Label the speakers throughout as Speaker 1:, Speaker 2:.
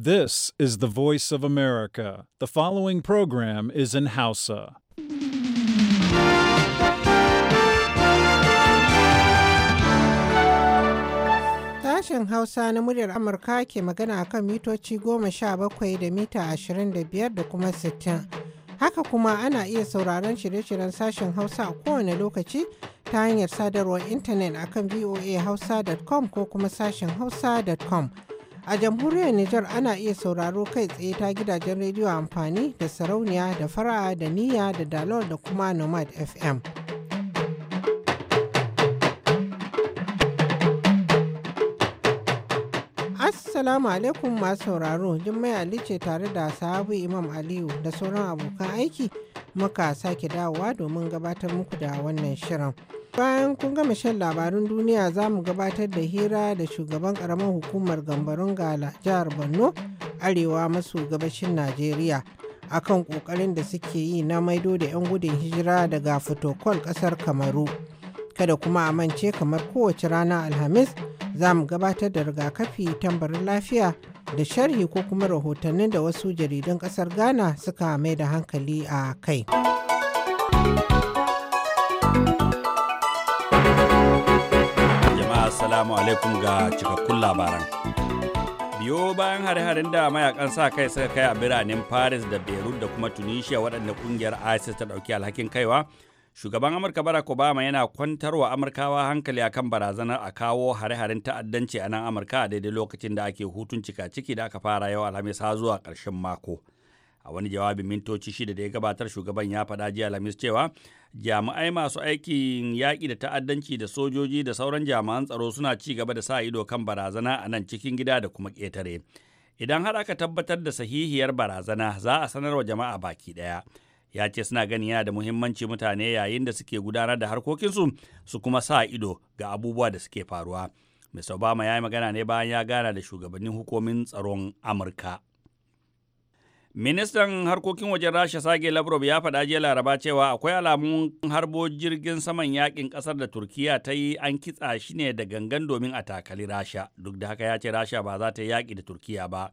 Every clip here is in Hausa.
Speaker 1: This is the voice of America. The following program is in Hausa.
Speaker 2: Sashen Hausa na muryar Amurka ke magana akan mitoci goma sha bakwai da mita ashirin da biyar da kuma sittin. Haka kuma ana iya sauraron shirye-shiryen sashen Hausa a kowane lokaci ta hanyar sadarwar intanet akan voahausa.com ko kuma sashen hausa.com. A jamhuriyar Nijar ana iya sauraro kai tsaye ta gidajen rediyo amfani da sarauniya da fara'a da niyya da dalol da kuma nomad FM. Assalamu alaikum masu sauraro, Jummai Ali ce tare da sahabu Imam Aliyu da sauran abokan aiki muka sake dawowa domin gabatar muku da wannan shirin. Bayan kun gama shan labarun duniya za mu gabatar da hira da shugaban karamar hukumar gambarun gala jihar Borno arewa maso gabashin Najeriya akan kokarin da suke yi na maido da 'yan gudun hijira daga fotokol kasar Kamaru. Kada kuma a mance kamar kowace rana Alhamis za mu gabatar da rigakafi tambarin lafiya da sharhi ko kuma rahotannin da wasu jaridun kasar ghana suka mai da hankali a kai
Speaker 3: jama'a assalamu alaikum ga cikakkun labaran biyo bayan hare-haren da mayakan sa kai suka kai a biranen paris da beirut da kuma tunisia waɗanda ƙungiyar isis ta ɗauki alhakin kaiwa Shugaban Amurka Barack Obama yana kwantar wa Amurkawa hankali akan barazanar a kawo hare-haren ta'addanci a nan Amurka a daidai lokacin da ake hutun cika-ciki da aka fara yau Alhamis har zuwa ƙarshen mako. a wani jawabin mintoci shida da ya gabatar shugaban ya faɗa jiya alhamis cewa jami'ai masu aikin yaƙi da ta'addanci da sojoji da sauran jami'an tsaro suna ci gaba da sa ido kan barazana a nan cikin gida da kuma ƙetare idan har aka tabbatar da sahihiyar barazana za a sanar wa jama'a baki ɗaya ya ce suna ganin yana da muhimmanci mutane yayin da suke gudanar da harkokinsu su kuma sa ido ga abubuwa da suke faruwa. Mr. Obama ya yi magana ne bayan ya gana da shugabannin hukumin tsaron Amurka. Ministan harkokin wajen Rasha Sage Lavrov ya faɗa jiya Laraba cewa akwai alamun harbo jirgin saman yakin ƙasar da Turkiya ta yi an kitsa shi ne da gangan domin a takali Rasha, duk da haka ya ce Rasha ba za ta yi yaƙi da Turkiya ba.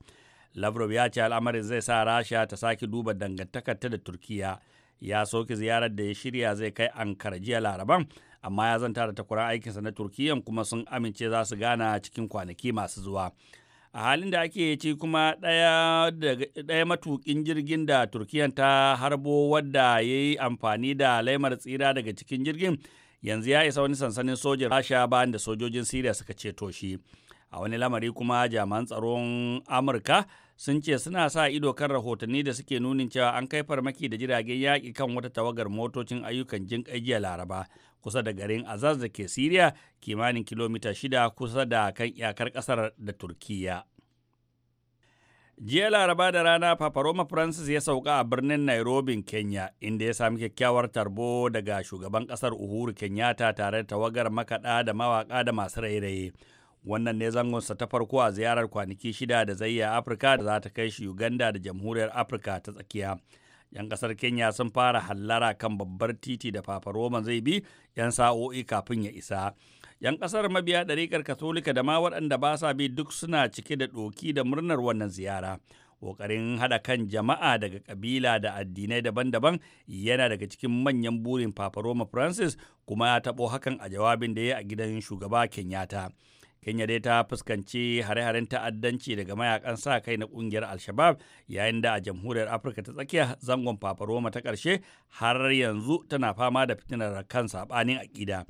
Speaker 3: Lavrov ya ce al'amarin zai sa Rasha ta sake duba dangantakarta da Turkiya. Ya soke ziyarar da ya shirya zai kai Ankara jiya Laraban, amma ya zanta da takwaran aikinsa na Turkiyan kuma sun amince za su gana cikin kwanaki masu zuwa. a halin da ake ci kuma ɗaya matukin jirgin da Turkiyya ta harbo wadda ya yi amfani da laimar tsira daga cikin jirgin yanzu ya isa wani sansanin sojin rasha bayan da sojojin siriya suka ceto shi a wani lamari kuma jami'an tsaron amurka sun ce suna sa ido kan rahotanni da suke nunin cewa an kai farmaki da jiragen yaƙi kan wata tawagar motocin ayyukan jin jiya laraba kusa da garin azaz da ke siriya kimanin kilomita shida kusa da kan iyakar ƙasar da turkiya jiya laraba da rana paparoma francis ya sauka a birnin nairobi kenya inda ya sami kyakkyawar tarbo daga shugaban ƙasar uhuru kenyatta tare da tawagar makaɗa da mawaƙa da masu rairaye wannan ne zangonsa ta farko a ziyarar kwanaki shida da zai yi afirka da za ta kai shi uganda da jamhuriyar afirka ta tsakiya yan kasar kenya sun fara hallara kan babbar titi da fafaroma zai bi yan sa'o'i kafin ya isa yan kasar mabiya ɗariƙar katolika da ma waɗanda ba sa bi duk suna cike da ɗoki da murnar wannan ziyara ƙoƙarin haɗa kan jama'a daga ƙabila da addinai daban-daban yana daga cikin manyan burin fafaroma francis kuma ya taɓo hakan a jawabin da ya yi a gidan shugaba kenyatta Kenya dai ta fuskanci hare-haren ta'addanci daga mayakan sa kai na kungiyar Al-Shabab yayin da a jamhuriyar Afirka ta tsakiya zangon fafaroma ta karshe har yanzu tana fama da fitinar kan saɓanin aƙida.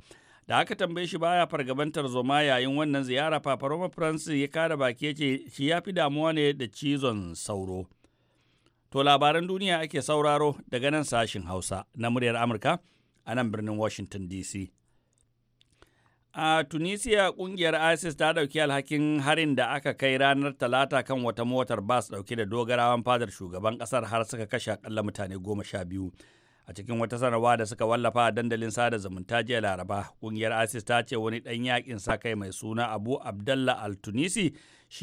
Speaker 3: Da aka tambaye shi baya fargabantar zoma yayin wannan ziyara fafaroma france ya kara baki ya ce shi ya fi damuwa ne da cizon sauro. To labaran duniya ake sauraro daga nan sashin Hausa na muryar Amurka a nan birnin Washington DC. A Tunisia kungiyar ISIS ta ɗauki alhakin harin da aka kai ranar Talata kan wata motar bas ɗauke da dogarawan fadar shugaban ƙasar har suka kashe akalla mutane goma sha biyu. A cikin wata sanarwa da suka wallafa a dandalin sada zumunta jiya Laraba, kungiyar ISIS ta ce wani ɗan yakin sa kai mai suna Abu Abdalla Al-Tunisi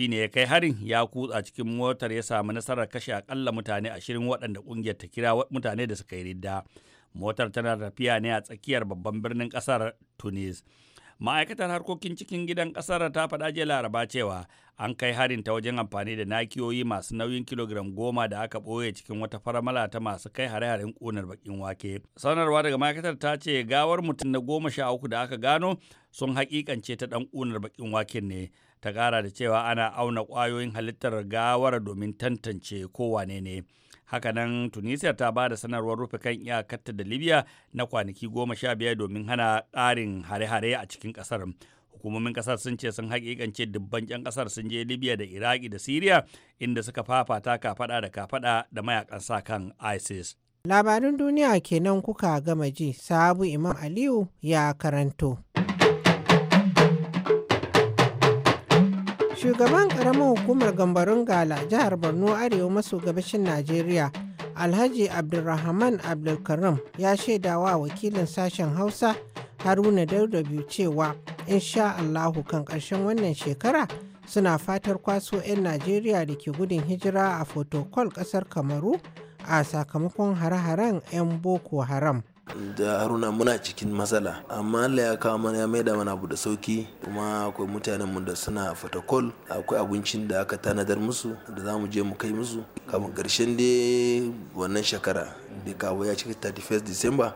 Speaker 3: ne ya kai harin ya kutsa cikin motar ya samu nasarar kashe akalla mutane ashirin waɗanda kungiyar ta kira mutane da suka yi ridda. Motar tana tafiya ne a tsakiyar babban birnin ƙasar Tunis. ma'aikatar harkokin cikin gidan kasar ta faɗa jiya laraba cewa an kai harin ta wajen amfani da nakiyoyi masu nauyin kilogiram goma da aka ɓoye cikin wata faramala ta masu kai hare-haren ƙunar bakin wake sanarwa daga ma'aikatar ta ce gawar mutum na goma sha uku da aka gano sun haƙiƙance ta ɗan ƙunar bakin waken ne ta ƙara da cewa ana auna ƙwayoyin halittar gawar domin tantance ko wane ne. hakanan tunisia ta ba da sanarwar rufe kan iyakarta da libya na kwanaki goma sha biyar domin hana ƙarin hare-hare a cikin ƙasar hukumomin ƙasar sun ce sun hakikance dubban 'yan ƙasar sun je libya da iraki da siriya inda suka fafata kafada da kafada da mayakan sa kan isis
Speaker 2: labarin duniya kenan kuka gama ji sabu imam aliyu ya karanto shugaban ƙaramin hukumar gambarun gala jihar borno arewa maso gabashin najeriya alhaji abdulrahman abdulkarim ya shaidawa wakilin sashen hausa haruna daudabi cewa insha allahu kan ƙarshen wannan shekara suna fatar kwaso 'yan najeriya da ke gudun hijira a fotokol ƙasar kamaru a sakamakon hare-haren 'yan boko haram
Speaker 4: da haruna muna cikin matsala amma allah ya kawo mana ya maida mana abu da sauki kuma akwai mutanen da suna fatakol akwai abincin da aka tanadar musu da za mu je mu kai musu kamar karshen dai wannan shekara da kawo ya cika 31 disamba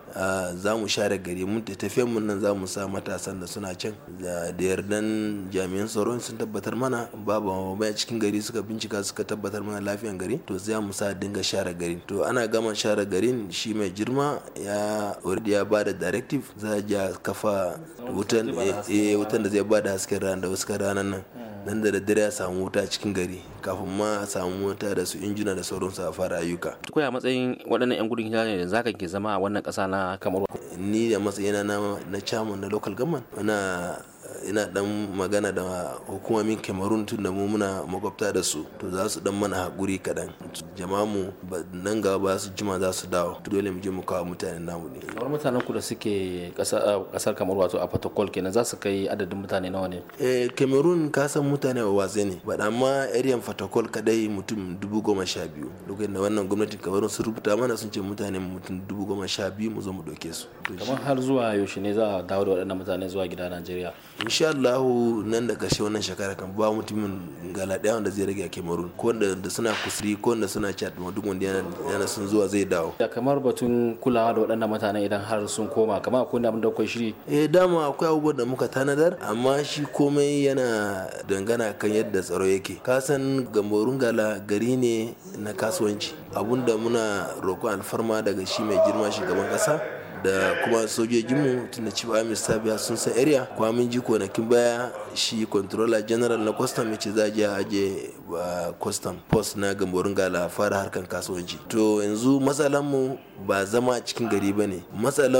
Speaker 4: za mu share gari mun da tafiyan mun nan za mu sa matasan da suna can da yardan jami'an tsaron sun tabbatar mana babu mai cikin gari suka bincika suka tabbatar mana lafiyan gari to za mu sa dinga share gari to ana gama share garin shi mai jirma ya a already ya bada directive za a ja kafa wutan eh, eh, da zai bada hasken rana da wasu ranar nan nan da daddare ya samu wuta cikin gari kafin ma a samu wuta da su injina da sauransu a fara ayyuka. Koya matsayin waɗannan 'yan gudun hijira ne da zaka ke zama a wannan ƙasa na Kamaru. Ni da matsayina na chairman na local government wana ina dan magana da hukumomin cameroon tun da mu muna makwabta da su to za su dan mana hakuri kadan jama'a mu nan gaba ba su jima za su dawo to dole mu je mu kawo mutanen namu ne kamar mutanen ku da suke kasar kamar wato a protocol kenan za su kai adadin mutane nawa ne eh cameroon ka san mutane wa waze ne ba amma area protocol kadai mutum dubu goma sha biyu lokacin da wannan gwamnatin cameroon sun rubuta mana sun ce mutane mutum dubu goma sha biyu mu zo mu doke su kamar har zuwa yaushe ne za a dawo da waɗannan mutane zuwa gida najeriya insha Allah nan da kashe wannan shekara kan ba mutumin gala daya wanda zai rage a Cameroon ko da suna kusuri ko da suna chat ma duk wanda yana sun zuwa zai dawo da kamar batun kulawa da waɗannan mutanen idan har sun koma kamar akwai wanda da kwai shiri eh dama akwai abubuwan da muka tanadar amma shi komai yana dangana kan yadda tsaro yake ka san gamborun gala gari ne na kasuwanci abunda muna roƙon alfarma daga shi mai girma shugaban ƙasa da kuma sojojinmu tunda chief army staff biya sun san area kuma mun ji kwanakin baya shi controller general na custom yace za je aje custom post na gamborin gala fara harkan kasuwanci to yanzu mu ba zama cikin gari ba ne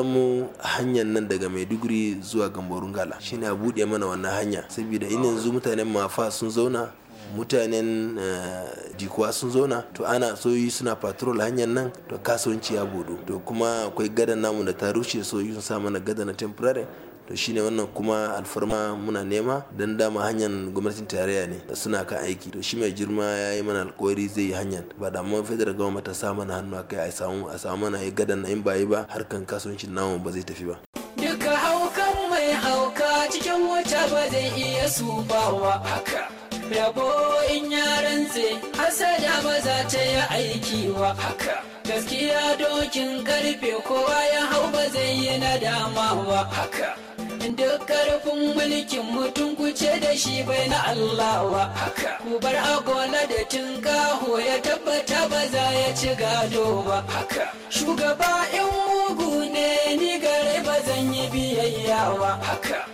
Speaker 4: mu hanyar nan daga maiduguri zuwa gamborin gala shine a buɗe mana wannan hanya saboda in yanzu mutanen mafa sun zauna mutanen jikuwa eh, sun zauna to ana soyi suna patrol hanyar nan to kasuwanci ya bodo to kuma akwai gadan namu da ta rushe soyi sun sa mana gada na temporary to shine wannan kuma alfarma muna nema don dama hanyar gwamnatin tarayya ne suna kan aiki to shi mai girma ya yi mana alkawari zai yi hanyar ba da mun federal government ta sa mana hannu akai a samu a samu mana gadan na in ba yi ba harkan kasuwancin namu ba zai tafi ba
Speaker 5: duka haukan mai hauka cikin wuta ba zai iya su haka rabo in ya yarantse hasada za ta yi aiki wa haka gaskiya dokin karfe kowa ya hau ba zai yi nadama wa haka duk karfin mulkin mutum kuce da shi bai na Allah wa haka ku bar agola da kaho ya tabbata ba za ya ci gado ba haka shugaba in mugu ne ni gare ba zan yi biyayya wa haka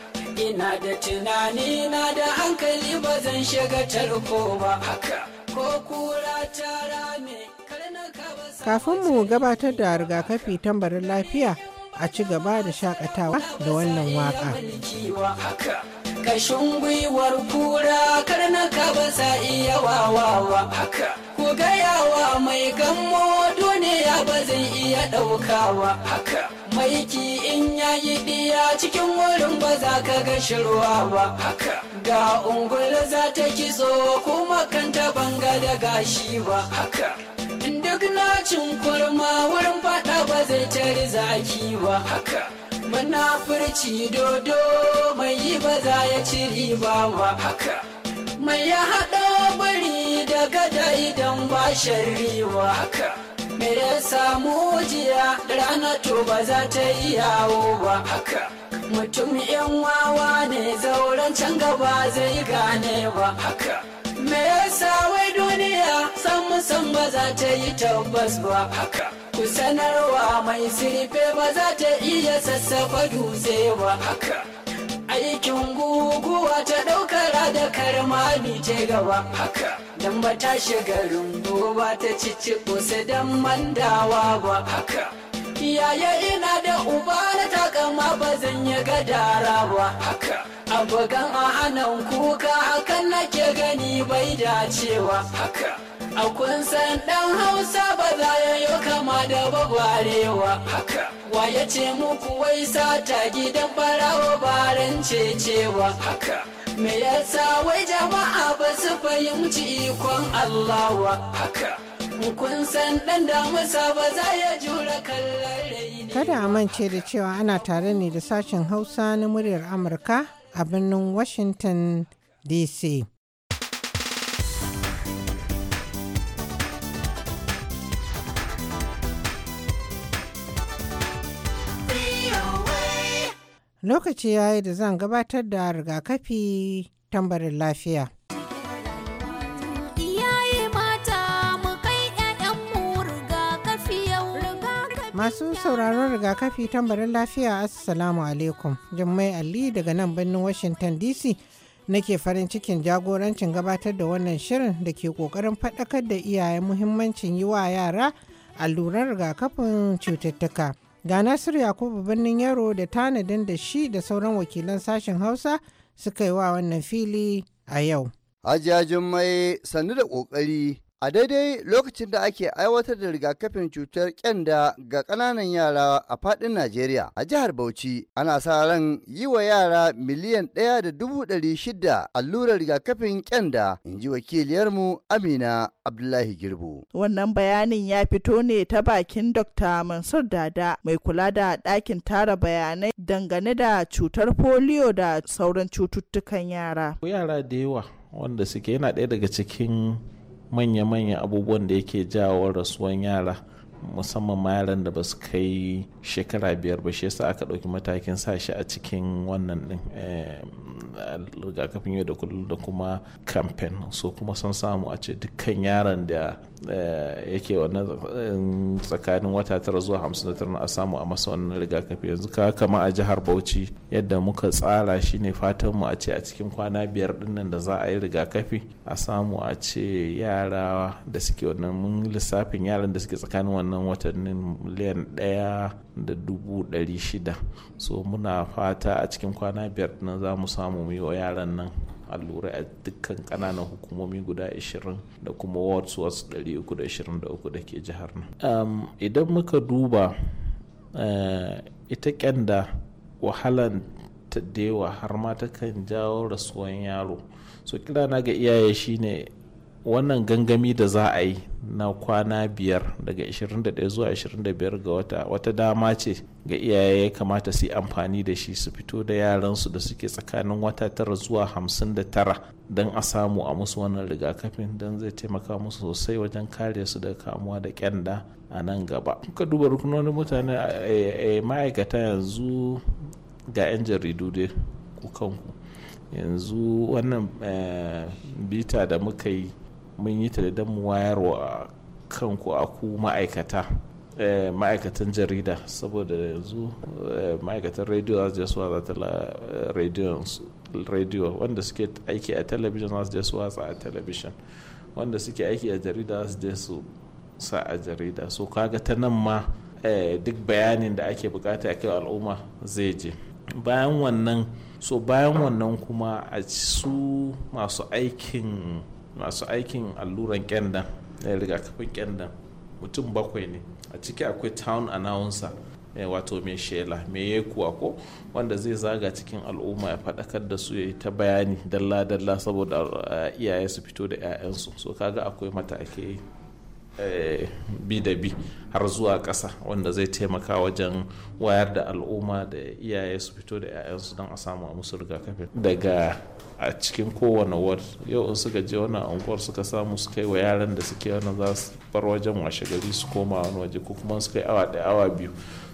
Speaker 5: na da tunani na da hankali ba zan shiga tarko ba haka ko kura ta rame
Speaker 2: kafin mu gabatar da rigakafi tambarin lafiya a ci gaba da shakatawa da wannan waka kashin gwiwar kura karnaka ba sa iya wawawa
Speaker 5: haka ku gayawa mai gammo duniya ba zai iya daukawa haka aiki in yayi ɗiya cikin wurin ba za ka ga shirwa ba ga ungula za ta kitso kuma kanta banga da gashi ba duk na kurma wurin fada ba zai tare zaki ba furci dodo mai yi ba za ya ci riba ba mai ya haɗa bari daga da idan ba sharri ba me ya samu jiya rana to ba za ta yi yawo ba haka mutum yan wawa ne zauren can gaba zai gane ba haka me yasa wai duniya san musan ba za ta yi tabbas ba haka ku sanarwa mai sirfe ba za ta iya sassafa dutse ba haka aikin guguwa ta ɗaukar da karma ce gaba haka tamba ta shiga rungu ba ta cici kusa don mandawa ba haka yaya ina da uba na takama ba zan yi gadara ba haka abokan a hannun kuka hakan nake gani bai dacewa haka a kun dan hausa ba za ya yi kama da babarewa haka wa ya ce muku wai sata gidan barawa baran cecewa haka me yasa wai jama'a ba su fahimci ikon Allah wa haka kun san dan damusa ba za ya jura kallon
Speaker 2: kada a mance da cewa ana tare ne da sashen hausa na muryar amurka a birnin washington dc lokaci ya yi da zan gabatar da rigakafi tambarin lafiya. Masu sauraron rigakafi tambarin lafiya Assalamu alaikum. Jummai Ali daga nan birnin Washington DC nake farin cikin jagorancin gabatar da wannan shirin da ke kokarin faɗakar da iyayen muhimmancin yi wa yara alluran rigakafin cututtuka. ga nasiru yakubu birnin yaro da tanadin da shi da sauran wakilan sashen hausa
Speaker 6: suka yi wa wannan fili a yau hajjajin Jummai sannu da ƙoƙari A daidai lokacin da ake aiwatar da rigakafin cutar kyanda ga ƙananan yara a faɗin Najeriya, a jihar Bauchi ana sa ran yi wa yara miliyan ɗaya da dubu ɗari shida allurar rigakafin kyanda, in ji wakiliyarmu Amina Abdullahi Girbu.
Speaker 2: Wannan bayanin ya fito ne ta bakin Dr. Mansur Dada mai kula da ɗakin tara bayanai dangane da cutar polio da sauran
Speaker 1: cututtukan yara. Yara da yawa wanda suke yana ɗaya daga cikin manya-manya abubuwan da yake jawo rasuwan yara musamman ma yaran da ba su kai shekara biyar ba shi yasa aka ɗauki matakin sa shi a cikin wannan din eh, rigakafin yau da kullum da kuma kamfen so kuma sun samu a ce dukkan yaron da eh, yake wannan eh, tsakanin wata tara zuwa hamsin da tara a samu a masa wannan rigakafi yanzu ka kama a jihar bauchi yadda muka tsara shine fatan mu a ce a cikin kwana biyar dinnan da za a yi rigakafi a samu a ce yara da suke wannan mun lissafin yaran da suke tsakanin wannan watannin miliyan ɗaya da dubu ɗari shida so muna fata a cikin kwana biyar nan za mu samu mu wa yaran nan allura a dukkan ƙananan hukumomi guda 20 da kuma wards wards 323 da ke jihar nan idan muka duba eh, ita kyanda wahalan ta dewa har ma ta kan jawo rasuwan yaro so na ga iyaye shine wannan gangami da za a yi na kwana biyar daga 21 zuwa 25 ga wata wata dama ce ga iyaye ya kamata su yi amfani da shi su fito da yaransu da suke tsakanin wata tara zuwa 59 don a samu a musu wannan rigakafin don zai taimaka musu sosai wajen kare su daga kamuwa da kyanda a nan gaba ka duba rukunonin mutane eh, eh, ma'aikata yanzu ga 'yan jaridu dai ku kanku yanzu wannan eh, bita da muka yi mun yi ta da dan mu wayarwa kanku a ku ma'aikata eh, ma'aikatan jarida saboda yanzu eh, ma'aikatan rediyo za su je su watsa eh, rediyo wanda suke aiki a talabijin za su je su watsa a talabijin wanda suke aiki a jarida za su je su sa a jarida so kaga ta nan ma duk bayanin da ake bukata a kai al'umma zai je bayan wannan so bayan wannan kuma a su masu aikin masu aikin alluran kyanda na rigakafin kyanda mutum bakwai ne a ciki akwai town announcer eh, wato mai shela mai ya kuwa ko wanda zai zaga cikin al'umma ya faɗakar da su ya yi ta bayani dalla-dalla saboda eh, iyaye su fito da 'ya'yansu so kaga akwai mata ake yi. Eh, bi da bi har zuwa ƙasa wanda zai taimaka wajen wayar da al'umma da iyaye su fito da 'ya'yansu don a samu a musu rigakafi. daga a cikin kowane ward yau in suka je wani unguwar suka samu su kai wa yaran da suke wani za su bar wajen washe gari su koma wani waje ko kuma su kai awa ɗaya awa biyu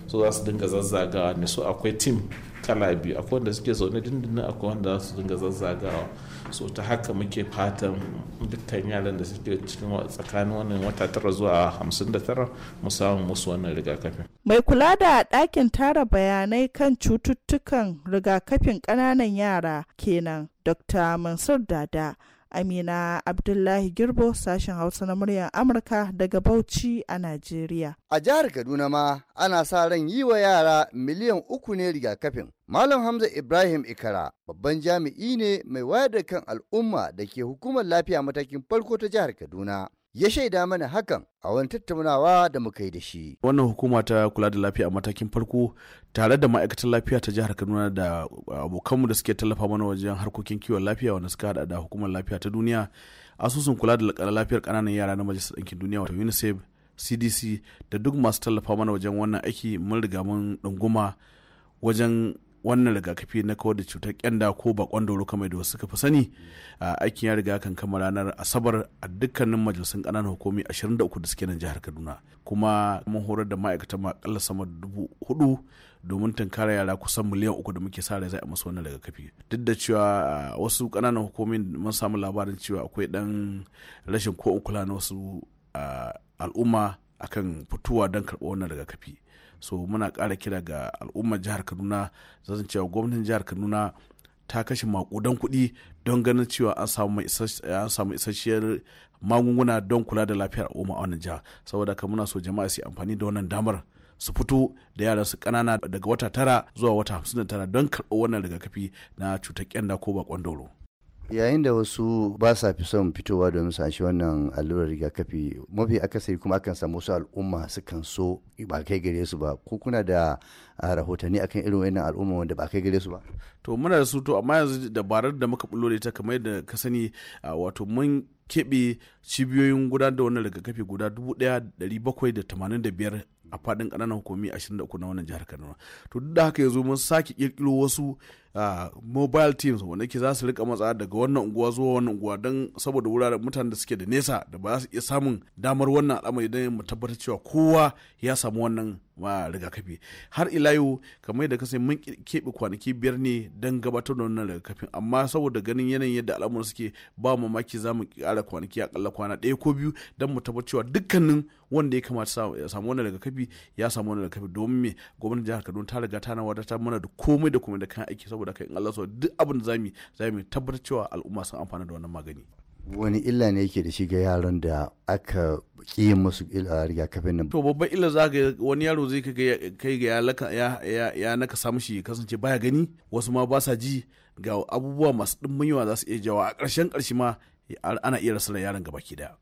Speaker 1: so za su dinga zazzagawa ne su akwai tim kala biyu akwai wanda suke zaune dindindin akwai wanda za su dinga zazzagawa so ta haka muke fatan dukkan yaran da suke cikin tsakanin wannan wata tara zuwa hamsin da tara mu samu musu wannan rigakafin.
Speaker 2: mai kula da ɗakin tara bayanai kan cututtukan rigakafin ƙananan yara kenan dr mansur dada Amina Abdullahi Girbo sashen Hausa na muryar Amurka daga Bauchi a Najeriya.
Speaker 6: A jihar Kaduna ma ana sa ran yi wa yara miliyan uku ne rigakafin. Malam Hamza Ibrahim Ikara babban jami'i ne mai wayar da kan al'umma da ke hukumar lafiya matakin farko ta jihar Kaduna. ya shaida mana hakan a wani tattaunawa da muka yi da shi.
Speaker 7: Wannan hukuma ta kula da lafiya a matakin farko tare da ma'aikatan lafiya ta jihar Kaduna da abokanmu da suke tallafa mana wajen harkokin kiwon lafiya wanda suka hada da hukumar lafiya ta duniya, asusun kula da lafiyar kananan yara na Majalisar Ɗinkin Duniya wato UNICEF, CDC da duk masu tallafa mana wajen wannan aiki mun riga mun ɗunguma wajen wannan rigakafi na kawar da cutar kyanda ko bakon doro kamar da wasu suka fi sani aikin ya riga kan kama ranar asabar a dukkanin majalisun kananan hukumi 23 da suke nan jihar kaduna kuma mun horar da ma'aikatan akalla sama da dubu hudu domin tunkara yara kusan miliyan uku da muke sare zai a masu wannan rigakafi duk da cewa wasu kananan hukumi mun samu labarin cewa akwai dan rashin ko kula na wasu al'umma akan fitowa don karɓar wannan rigakafi so muna kara kira ga al'ummar jihar kaduna zan cewa gwamnatin jihar kaduna ta kashe makudan kuɗi don ganin cewa an samu isasshiyar magunguna don kula da lafiyar al'umma a wannan jiha saboda ka muna so jama'a su amfani da wannan damar su fito da yara su kanana daga wata tara zuwa wata hamsin da tara don karɓar wannan rigakafi na cutar kyanda ko bakon dauro.
Speaker 6: yayin da wasu ba sa fi son fitowa domin su shi wannan allurar rigakafi mafi akasari kuma akan samu wasu al'umma sukan so ba kai gare su ba ko kuna da rahotanni akan irin wannan al'umma wanda ba kai gare su ba
Speaker 7: to muna da su to amma yanzu dabarar da muka bullo ta kamar yadda ka sani wato mun keɓe cibiyoyin gudanar da wannan rigakafi guda dubu bakwai da da tamanin biyar a faɗin ƙananan hukumi ashirin da uku na wannan jihar kaduna to duk da haka yanzu mun sake ƙirƙiro wasu mobile teams wanda ke za su rika matsa daga wannan unguwa zuwa wannan unguwa don saboda wuraren mutanen da suke da nesa da ba za su iya samun damar wannan al'amari don mu tabbatar cewa kowa ya samu wannan ma rigakafi har ila yau kamar yadda kasai mun keɓe kwanaki biyar ne don gabatar da wannan rigakafin amma saboda ganin yanayin yadda al'amuran suke ba mamaki za mu ƙara kwanaki akalla kwana ɗaya ko biyu don mu tabbatar cewa dukkanin wanda ya kamata ya samu wannan rigakafi ya samu wannan rigakafi domin me gwamnatin jihar kaduna ta riga ta na wadatar mana da komai da komai da kan aiki saboda saboda kai in Allah so duk abin da zamu zamu tabbatar cewa al'umma sun amfana da wannan magani
Speaker 6: wani illa ne yake da shi ga yaran da aka ki musu rigakafin nan to
Speaker 7: babban illa za ga wani yaro zai kai ga ya ya naka samu shi kasance baya gani wasu ma ba sa ji ga abubuwa masu dimmin yawa za su iya jawa a ƙarshen ƙarshe ma ana iya rasa yaron gaba ki da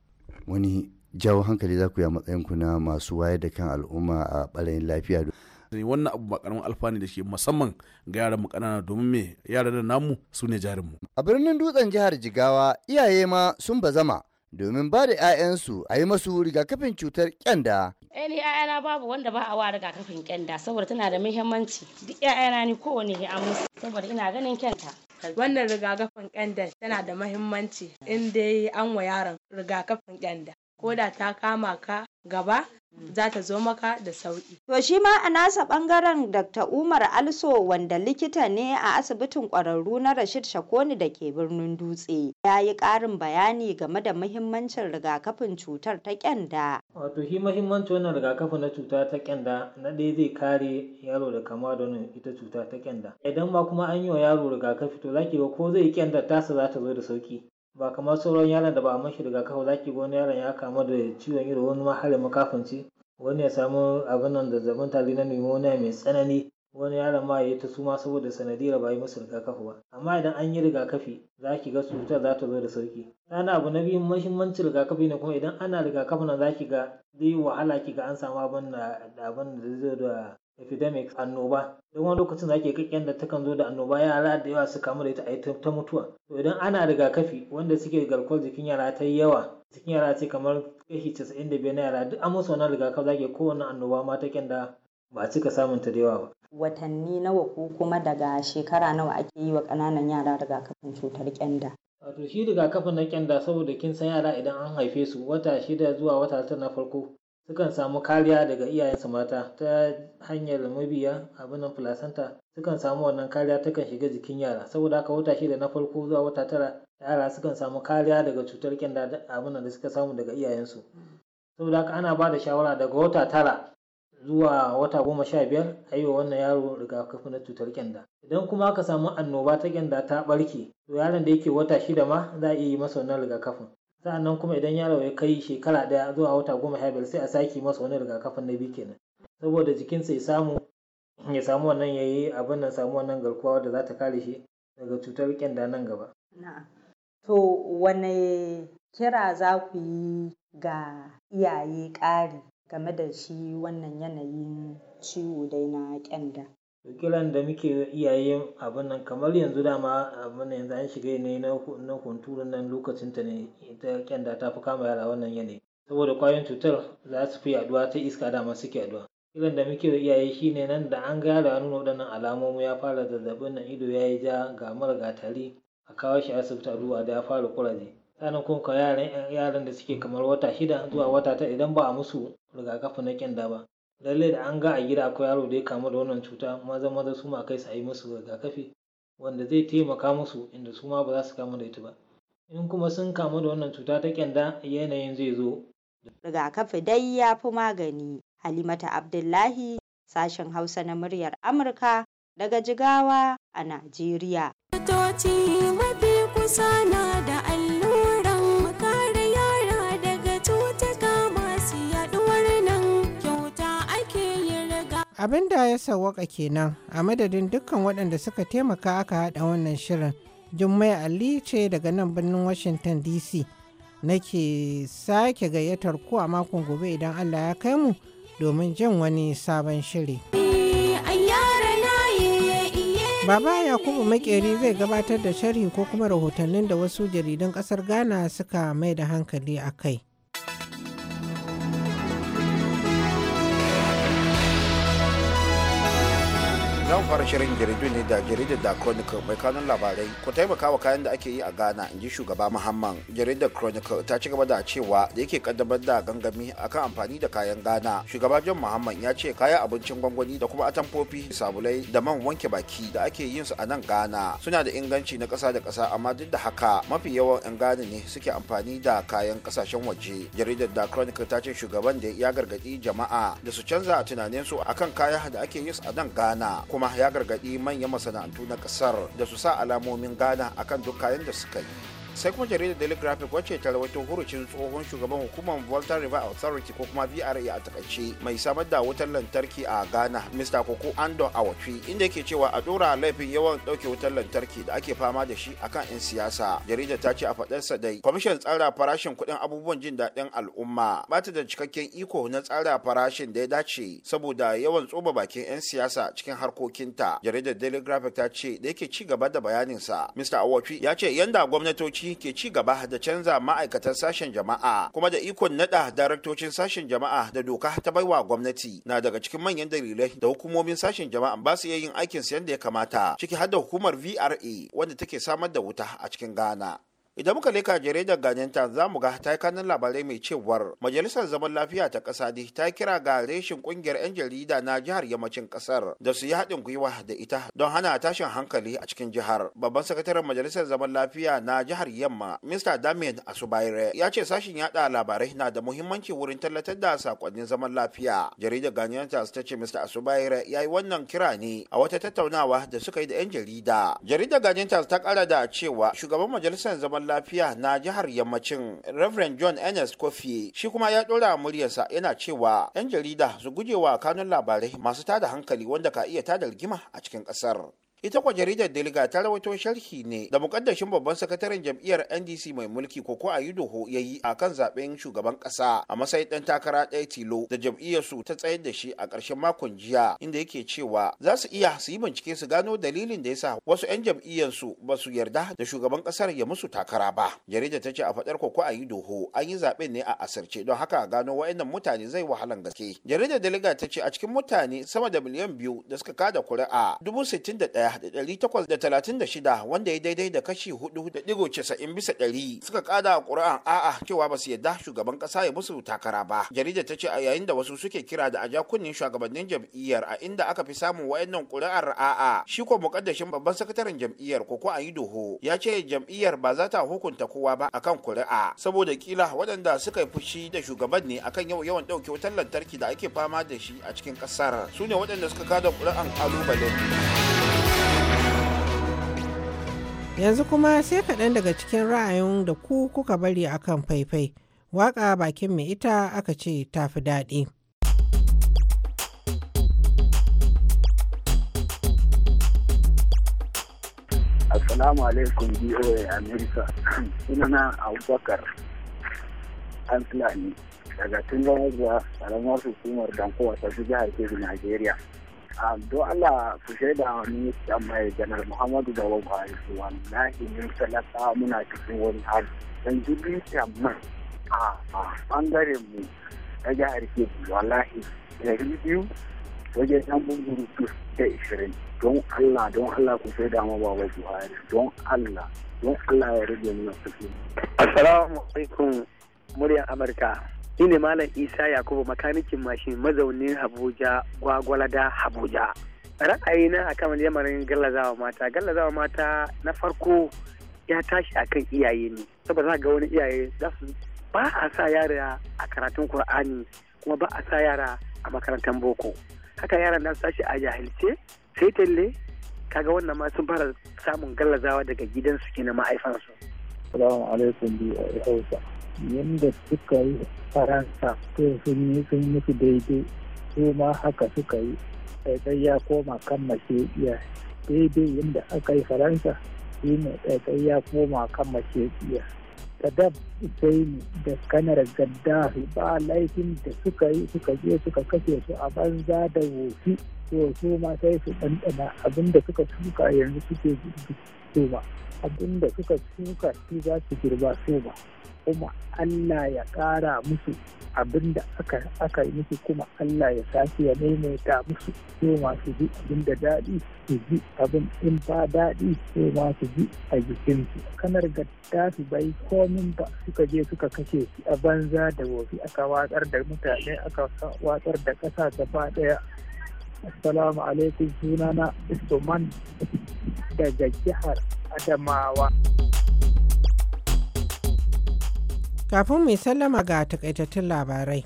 Speaker 6: wani jawo hankali za ku yi matsayin ku na masu wayar da kan al'umma a ɓarayin lafiya
Speaker 7: wannan abu ba karamin alfani da shi musamman ga yaran mu kanana domin me yaran da namu su ne
Speaker 6: jarin mu a birnin dutsen jihar jigawa iyaye ma sun bazama domin ba da 'ya'yansu a yi masu rigakafin cutar kyanda
Speaker 4: eh, ni ‘ya'yana babu wanda ba a wa rigakafin kyanda saboda tana da muhimmanci duk ‘ya'yana ni kowane ya musu saboda ina ganin kyanta wannan rigakafin kyanda tana da muhimmanci in dai an wa yaron rigakafin kyanda ko da ta kama ka gaba za ta zo maka da sauki. To shi ma a nasa bangaren Dr. Umar Also wanda likita ne a asibitin ƙwararru na Rashid Shakoni da ke birnin Dutse ya yi ƙarin bayani game da muhimmancin rigakafin cutar ta kyanda.
Speaker 8: Wato shi muhimmancin wannan rigakafi na cuta ta kyanda na ɗaya zai kare yaro da kama da ita cuta ta kyanda. Idan ma kuma an yi wa yaro rigakafi to zaki ga ko zai kyanda tasa za ta zo da sauki. ba kamar sauran yaron da ba a mashi rigakafi za ki wani yaron ya kamu da ciwon ido wani ma har makafanci wani ya samu abin nan da zazzabin tari na pneumonia mai tsanani wani yaron ma ya ta suma saboda sanadiyar ba yi musu rigakafi ba amma idan an yi rigakafi za ki ga cutar za ta zo da sauki ɗana abu na biyu muhimmancin rigakafi ne kuma idan ana rigakafi nan za ki ga zai wahala ki ga an samu abin da abin da zai zo da epidemics annoba don wani lokacin zaki kakken da takan zo da annoba yara da yawa su kamu da ita ayi ta mutuwa to idan ana rigakafi wanda suke garkuwar jikin yara ta yi yawa jikin yara ce kamar kashi casa'in da biyar na yara duk an musu wannan rigakafi zaki kowane annoba ma ta da ba a cika samun ta da yawa ba.
Speaker 4: watanni nawa ko kuma daga shekara nawa ake yi wa ƙananan yara rigakafin cutar kyanda.
Speaker 8: wato shi rigakafin na kyanda saboda kin san yara idan an haife su wata shida zuwa wata tara na farko sukan samu kariya daga iyayensu mata ta hanyar mabiya abin placenta sukan samu wannan kariya takan shiga jikin yara saboda haka wata shida na farko zuwa wata tara yara sukan samu kariya daga cutar kyanda abin da suka samu daga iyayensu saboda haka ana ba da shawara daga wata tara zuwa wata goma sha biyar a yi wa wannan yaro rigakafi na cutar kyanda idan kuma aka samu annoba ta kyanda ta ɓarke to yaron da yake wata shida ma za a iya yi masa wannan rigakafin sa'annan kuma idan yaro ya kai shekara ɗaya zuwa wata goma sha sai a sake masa wani rigakafin na biyu kenan saboda jikinsa ya samu ya samu wannan ya yi abin nan samu wannan garkuwa wadda za ta kare shi daga cutar kyanda nan gaba.
Speaker 4: To wane kira za ku yi ga iyaye ƙari game da shi wannan yanayin ciwo dai na kyanda?
Speaker 8: kiran da muke iyaye abun nan kamar yanzu dama abun nan yanzu an shiga ne na hunturun nan lokacin ta ne ita ƙyanda ta fi kama yara wannan yanayi saboda ƙwayoyin cutar za su fi yaɗuwa ta iska dama suke yaɗuwa. Kiran da muke iyaye shine nan da an ga yaro ya nuna waɗannan alamomi ya fara zazzaɓin nan ido ya yi ja ga mura ga tari a kawo shi asibiti a duba da ya fara ƙuraje. Sannan kuma ga yaran yaran da suke kamar wata shida zuwa wata tara idan ba a musu rigakafi na kyanda ba lallai da an ga a gida akwai yaro da ya kamu da wannan cuta maza maza su ma kai su a yi musu rigakafi wanda zai taimaka musu inda su ma ba za su kamu da ita ba in kuma sun kamu da wannan cuta ta kyanda yanayin zai zo
Speaker 4: rigakafi dai ya fi magani halimata abdullahi sashen hausa na muryar amurka daga jigawa a najeriya da
Speaker 2: abin da ya sawwaka kenan a madadin dukkan waɗanda suka taimaka aka haɗa wannan shirin jummai ali ce daga nan birnin washington dc nake sake gayyatar ku a makon gobe idan allah ya kai mu domin jin wani sabon shiri baba yakubu makeri zai gabatar da sharhi ko kuma rahotannin da wasu jaridun ƙasar ghana suka mai da hankali a kai
Speaker 9: zan fara shirin jaridu ne da jaridar da chronicle mai kanun labarai ku taimaka wa kayan da ake yi a ghana in ji shugaba muhammad jaridar chronicle ta ci gaba da cewa da yake kaddamar da gangami akan amfani da kayan ghana shugaba john muhammad ya ce kayan abincin gwangwani da kuma atamfofi sabulai da man wanke baki da ake yin su a nan ghana suna da inganci na kasa da kasa amma duk da haka mafi yawan yan ghana ne suke amfani da kayan kasashen waje jaridar da chronicle ta ce shugaban da ya gargadi jama'a da su canza a tunaninsu akan kaya da ake yin su a nan ghana kuma ya gargaɗi manyan masana'antu na ƙasar da su sa alamomin gana akan duk kayan da suka yi sai kuma jaridar daily graphic wacce ta rawaito hurucin tsohon shugaban hukumar volta river authority ko kuma vra a takaice mai samar da wutar lantarki a ghana mr koko andon awafi inda yake cewa a dora laifin yawan dauke wutar lantarki da ake fama da shi akan 'yan siyasa jaridar ta ce a fadarsa dai kwamishin tsara farashin kuɗin abubuwan jin daɗin al'umma ba ta da cikakken iko na tsara farashin da ya dace saboda yawan tsoba bakin 'yan siyasa cikin harkokinta jaridar daily graphic ta ce da yake ci gaba da bayanin bayaninsa mr awafi ya ce yanda gwamnatoci gwamnati ke ci gaba da canza ma'aikatan sashen jama'a kuma da ikon nada daraktocin sashen jama'a da doka ta baiwa gwamnati na daga cikin manyan dalilai da hukumomin sashen jama'a ba su iya yin aikin su yadda ya kamata ciki har da hukumar VRA wanda take samar da wuta a cikin Ghana. idan muka leka jaridar ganin ta za mu ga ta kanin labarai mai cewar majalisar zaman lafiya ta ƙasa ne ta kira ga reshin ƙungiyar 'yan jarida na jihar yammacin ƙasar da su yi haɗin gwiwa da ita don hana tashin hankali a cikin jihar babban sakataren majalisar zaman lafiya na jihar yamma mr damien asubaire ya ce sashin yaɗa labarai na da muhimmanci wurin tallatar da sakonnin zaman lafiya jaridar ganin ta ce mr asubaire ya yi wannan kira ne a wata tattaunawa da suka yi da 'yan jarida jaridar ganin ta ƙara da cewa shugaban majalisar zaman lafiya na jihar yammacin reverend john ernest kofi shi kuma ya dora muryarsa yana cewa 'yan jarida su gujewa kanun labarai masu tada hankali wanda ka iya tada rigima a cikin kasar. ita kwa jaridar deliga ta rawaito sharhi ne da mukaddashin babban sakataren jam'iyyar ndc mai mulki koko a yudoho ya yi a kan zaben shugaban kasa a matsayin dan takara ɗaya tilo da jam'iyyar su ta tsayar da shi a ƙarshen makon jiya inda yake cewa za su iya su yi bincike su gano dalilin da yasa wasu 'yan jam'iyyar su ba su yarda da shugaban kasar ya musu takara ba jaridar ta ce a faɗar koko a yudoho an yi zaben ne a asirce don haka gano wa'annan mutane zai wahalan gaske jaridar deliga ta ce a cikin mutane sama da miliyan biyu da suka kada kuri'a dubu sittin da ɗaya da da da takwas talatin shida wanda ya daidai da kashi hudu da casa'in bisa ɗari suka kada ƙuri'an a'a cewa ba su yarda shugaban ƙasa ya musu takara ba. jarida ta ce a yayin da wasu suke kira da aja kunnin shugabannin jam'iyyar a inda aka fi samun wayannan ƙuri'ar a'a shi ko muƙaddashin babban sakataren jam'iyyar koko a yi doho ya ce jam'iyyar ba za ta hukunta kowa ba akan ƙuri'a saboda kila waɗanda suka yi fushi da shugaban ne akan yau yawan ɗauke wutar lantarki da ake fama da shi a cikin ƙasar su ne waɗanda suka kada ƙuri'an you
Speaker 2: Yanzu kuma sai kaɗan daga cikin ra'ayin da ku kuka bari akan faifai. Waƙa bakin mai ita aka ce ta fi daɗi.
Speaker 4: Assalamu alaikum BOA America. Sunana Abubakar an Fulani daga zuwa a ramar hukumar Dankowa ta jihar Kebbi, Najeriya.
Speaker 3: Ah, don Allah su shaida wani yan mai janar Muhammadu da wani kwari su wallahi mun salata muna cikin wani hali dan jirgin amma a
Speaker 9: bangaren mu na jihar Kebbi wallahi da biyu wajen yan bunguru
Speaker 4: da ishirin don Allah don Allah ku shaida ma baba Buhari don Allah don Allah ya rage mana kuɗi. Assalamu alaikum muryar Amurka. ni ne malam isa yakubu makanikin mashin mazaunin abuja gwagwalada abuja ra'ayina a kan lamarin gallazawa mata gallazawa mata na farko ya tashi akan iyaye ne saboda ga wani iyaye za su ba a sa yara a karatun kur'ani kuma ba a sa yara a makarantar boko haka yaran nan tashi a jahilce sai talle kaga wannan ma sun fara samun gallazawa daga gidansu na ma'aifansu. Salamu alaikum biyu a yadda suka yi faransa to sun yi sun musu daidai su ma haka suka yi ɗaiɗai ya koma kan mashekiya daidai yadda aka yi faransa shi ne ɗaiɗai ya koma kan dab sai ne da kanar Gaddafi ba laifin da suka yi suka je suka kashe su a banza da wofi to su ma sai su ɗanɗana abinda suka shuka yanzu suke su ma abinda suka shuka shi za su girba su ma kuma Allah ya ƙara musu abin da aka yi musu kuma Allah ya sake ya maimaita musu so masu ji abin da daɗi su ji abin in ba daɗi so masu ji a jikinsu kanar ga tafi bai komin ba suka je suka kashe su a banza da wofi aka watsar da mutane aka watsar da ƙasa gaba ɗaya assalamu alaikum sunana istoman daga jihar adamawa.
Speaker 2: Kafin mai sallama ga takaitattun labarai.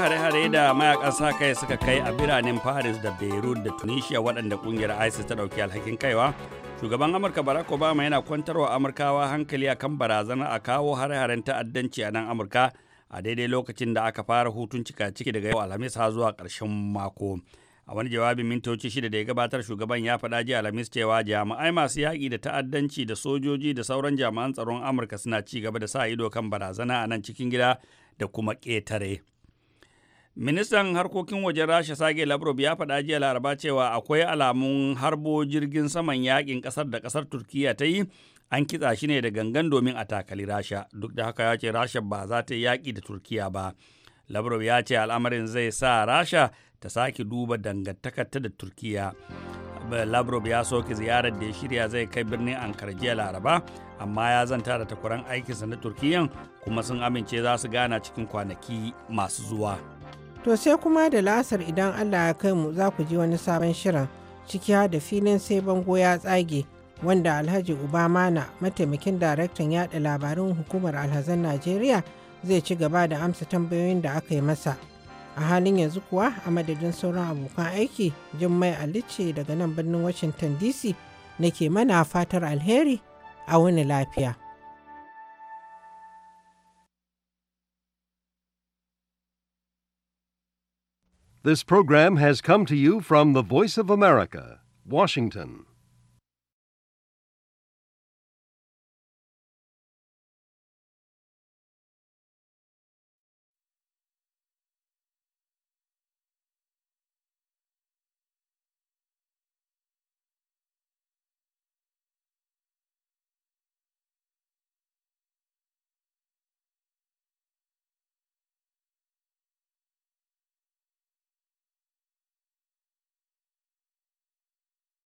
Speaker 3: hare-hare da mayakan sa kai suka kai a biranen paris da beirut da tunisia waɗanda ƙungiyar isis ta ɗauki alhakin kaiwa shugaban amurka barack obama yana kwantarwa amurkawa hankali akan barazanar a kawo hare-haren ta'addanci a nan amurka a daidai lokacin da aka fara hutun cika ciki daga yau alhamis ha zuwa karshen mako a wani jawabin mintoci shida da ya gabatar shugaban ya faɗa jiya alhamis cewa jami'ai masu yaƙi da ta'addanci da sojoji da sauran jami'an tsaron amurka suna ci gaba da sa ido kan barazana a nan cikin gida da kuma ƙetare ministan harkokin wajen rasha sage lavrov ya faɗa jiya laraba cewa akwai alamun harbo jirgin saman yaƙin ƙasar da ƙasar turkiya ta yi an kitsa shi ne da gangan domin a takali rasha duk da haka ya ce rasha ba za ta yi yaƙi da turkiya ba lavrov ya ce al'amarin zai sa rasha ta sake duba dangantakarta da turkiya lavrov ya soke ziyarar da ya shirya zai kai birnin ankara jiya laraba amma ya zanta da takwaran aikinsa na turkiyan kuma sun amince za su gana cikin kwanaki masu zuwa
Speaker 2: to sai kuma da la'asar idan allah ya kai mu za ku ji wani sabon shirin ciki har da filin sai bango ya tsage wanda alhaji ubamana mataimakin daraktan yada labarun hukumar alhazan najeriya zai ci gaba da amsa tambayoyin da aka yi masa a halin yanzu kuwa a madadin sauran abokan aiki jummai alice daga nan birnin washington dc na ke mana fatar alheri a wani lafiya
Speaker 4: This program has come to you from the Voice of America, Washington.